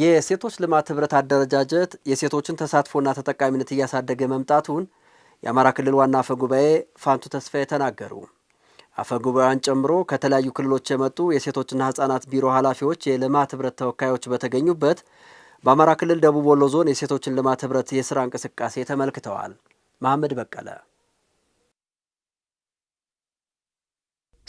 የሴቶች ልማት ህብረት አደረጃጀት የሴቶችን ተሳትፎና ተጠቃሚነት እያሳደገ መምጣቱን የአማራ ክልል ዋና አፈ ጉባኤ ፋንቱ ተስፋዬ ተናገሩ። አፈ ጉባኤዋን ጨምሮ ከተለያዩ ክልሎች የመጡ የሴቶችና ህጻናት ቢሮ ኃላፊዎች፣ የልማት ህብረት ተወካዮች በተገኙበት በአማራ ክልል ደቡብ ወሎ ዞን የሴቶችን ልማት ህብረት የስራ እንቅስቃሴ ተመልክተዋል። መሐመድ በቀለ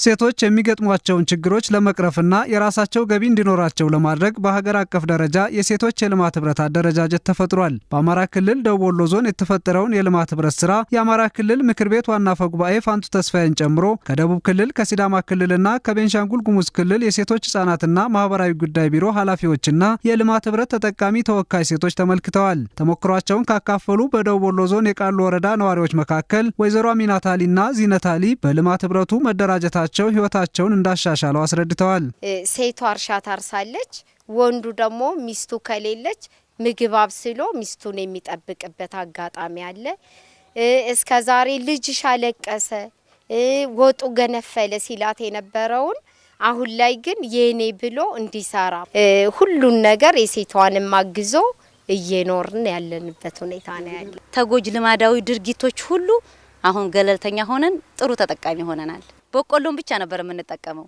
ሴቶች የሚገጥሟቸውን ችግሮች ለመቅረፍና የራሳቸው ገቢ እንዲኖራቸው ለማድረግ በሀገር አቀፍ ደረጃ የሴቶች የልማት ህብረት አደረጃጀት ተፈጥሯል። በአማራ ክልል ደቡብ ወሎ ዞን የተፈጠረውን የልማት ህብረት ስራ የአማራ ክልል ምክር ቤት ዋና አፈ ጉባኤ ፋንቱ ተስፋዬን ጨምሮ ከደቡብ ክልል፣ ከሲዳማ ክልልና ከቤንሻንጉል ጉሙዝ ክልል የሴቶች ህጻናትና ማህበራዊ ጉዳይ ቢሮ ኃላፊዎችና የልማት ህብረት ተጠቃሚ ተወካይ ሴቶች ተመልክተዋል። ተሞክሯቸውን ካካፈሉ በደቡብ ወሎ ዞን የቃሉ ወረዳ ነዋሪዎች መካከል ወይዘሮ አሚናታሊና ዚነታሊ በልማት ህብረቱ መደራጀታ መግባታቸው ህይወታቸውን እንዳሻሻለው አስረድተዋል። ሴቷ እርሻ ታርሳለች፣ ወንዱ ደግሞ ሚስቱ ከሌለች ምግብ አብስሎ ሚስቱን የሚጠብቅበት አጋጣሚ አለ። እስከ ዛሬ ልጅሽ አለቀሰ፣ ወጡ ገነፈለ ሲላት የነበረውን አሁን ላይ ግን የኔ ብሎ እንዲሰራ ሁሉን ነገር የሴቷንም አግዞ እየኖርን ያለንበት ሁኔታ ነው ያለ። ተጎጅ ልማዳዊ ድርጊቶች ሁሉ አሁን ገለልተኛ ሆነን ጥሩ ተጠቃሚ ሆነናል። በቆሎን ብቻ ነበር የምንጠቀመው።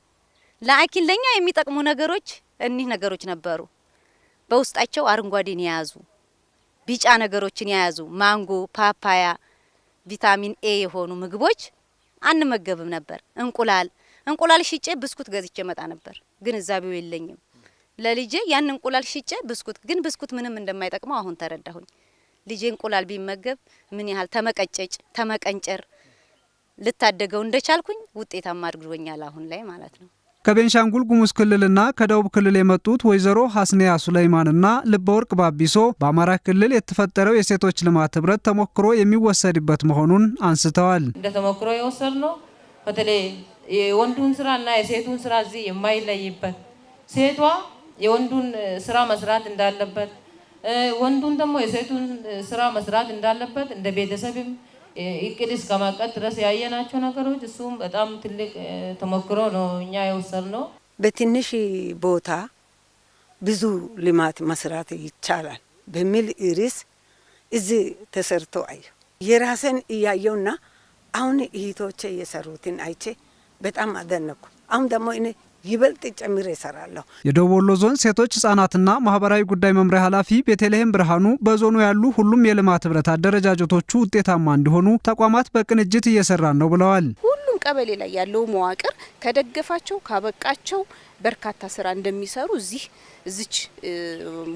ለአኪን ለኛ የሚጠቅሙ ነገሮች እኒህ ነገሮች ነበሩ። በውስጣቸው አረንጓዴን የያዙ ቢጫ ነገሮችን የያዙ ማንጎ፣ ፓፓያ፣ ቪታሚን ኤ የሆኑ ምግቦች አንመገብም ነበር። እንቁላል እንቁላል ሽጬ ብስኩት ገዝቼ መጣ ነበር። ግንዛቤው የለኝም ለልጄ ያን እንቁላል ሽጬ ብስኩት ግን ብስኩት ምንም እንደማይጠቅመው አሁን ተረዳሁኝ። ልጄ እንቁላል ቢመገብ ምን ያህል ተመቀጨጭ ተመቀንጨር ልታደገው እንደቻልኩኝ ውጤታማ አድርጎኛል አሁን ላይ ማለት ነው። ከቤንሻንጉል ጉሙዝ ክልልና ከደቡብ ክልል የመጡት ወይዘሮ ሀስኒያ ሱለይማንና ልበወርቅ ባቢሶ በአማራ ክልል የተፈጠረው የሴቶች ልማት ህብረት ተሞክሮ የሚወሰድበት መሆኑን አንስተዋል። እንደ ተሞክሮ የወሰድ ነው በተለይ የወንዱን ስራና የሴቱን ስራ እዚህ የማይለይበት ሴቷ የወንዱን ስራ መስራት እንዳለበት፣ ወንዱን ደግሞ የሴቱን ስራ መስራት እንዳለበት እንደ ቤተሰብም እቅድ እስከማቀድ ድረስ ያየናቸው ነገሮች እሱም በጣም ትልቅ ተሞክሮ ነው እኛ የወሰድነው። በትንሽ ቦታ ብዙ ልማት መስራት ይቻላል በሚል ርዕስ እዚህ ተሰርቶ አየሁ። የራሴን እያየውና አሁን እህቶቼ የሰሩትን አይቼ በጣም አደነኩ። አሁን ደግሞ እኔ ይበልጥ ጨምሬ እሰራለሁ። የደቡብ ወሎ ዞን ሴቶች ህጻናትና ማህበራዊ ጉዳይ መምሪያ ኃላፊ ቤተልሔም ብርሃኑ በዞኑ ያሉ ሁሉም የልማት ህብረት አደረጃጀቶቹ ውጤታማ እንዲሆኑ ተቋማት በቅንጅት እየሰራን ነው ብለዋል። ሁሉም ቀበሌ ላይ ያለው መዋቅር ከደገፋቸው ካበቃቸው በርካታ ስራ እንደሚሰሩ እዚህ እዚች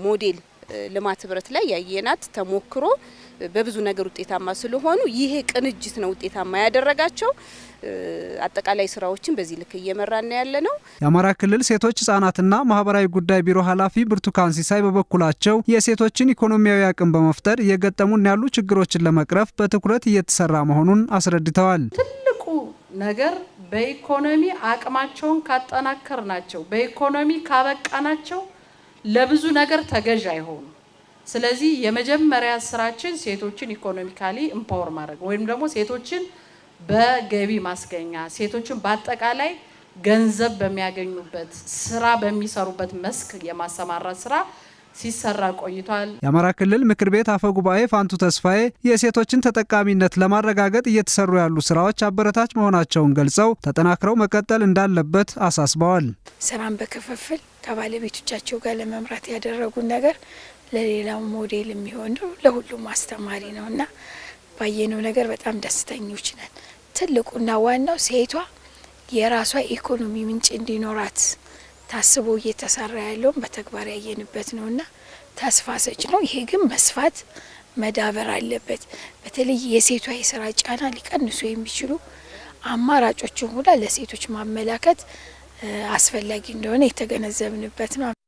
ሞዴል ልማት ህብረት ላይ ያየናት ተሞክሮ በብዙ ነገር ውጤታማ ስለሆኑ ይሄ ቅንጅት ነው ውጤታማ ያደረጋቸው። አጠቃላይ ስራዎችን በዚህ ልክ እየመራን ያለ ነው። የአማራ ክልል ሴቶች ህጻናትና ማህበራዊ ጉዳይ ቢሮ ኃላፊ ብርቱካን ሲሳይ በበኩላቸው የሴቶችን ኢኮኖሚያዊ አቅም በመፍጠር እየገጠሙን ያሉ ችግሮችን ለመቅረፍ በትኩረት እየተሰራ መሆኑን አስረድተዋል። ትልቁ ነገር በኢኮኖሚ አቅማቸውን ካጠናከር ናቸው፣ በኢኮኖሚ ካበቃ ናቸው ለብዙ ነገር ተገዥ አይሆኑ ስለዚህ የመጀመሪያ ስራችን ሴቶችን ኢኮኖሚካሊ ኢምፓወር ማድረግ ወይም ደግሞ ሴቶችን በገቢ ማስገኛ ሴቶችን በአጠቃላይ ገንዘብ በሚያገኙበት ስራ በሚሰሩበት መስክ የማሰማራት ስራ ሲሰራ ቆይቷል። የአማራ ክልል ምክር ቤት አፈ ጉባኤ ፋንቱ ተስፋዬ የሴቶችን ተጠቃሚነት ለማረጋገጥ እየተሰሩ ያሉ ስራዎች አበረታች መሆናቸውን ገልጸው ተጠናክረው መቀጠል እንዳለበት አሳስበዋል። ስራን በክፍፍል ከባለቤቶቻቸው ጋር ለመምራት ያደረጉን ነገር ለሌላው ሞዴል የሚሆን ለሁሉም አስተማሪ ነው እና ባየነው ነገር በጣም ደስተኞች ነን። ትልቁና ዋናው ሴቷ የራሷ ኢኮኖሚ ምንጭ እንዲኖራት ታስቦ እየተሰራ ያለውን በተግባር ያየንበት ነውና ተስፋ ሰጭ ነው። ይሄ ግን መስፋት መዳበር አለበት። በተለይ የሴቷ የስራ ጫና ሊቀንሱ የሚችሉ አማራጮችን ሁላ ለሴቶች ማመላከት አስፈላጊ እንደሆነ የተገነዘብንበት ነው።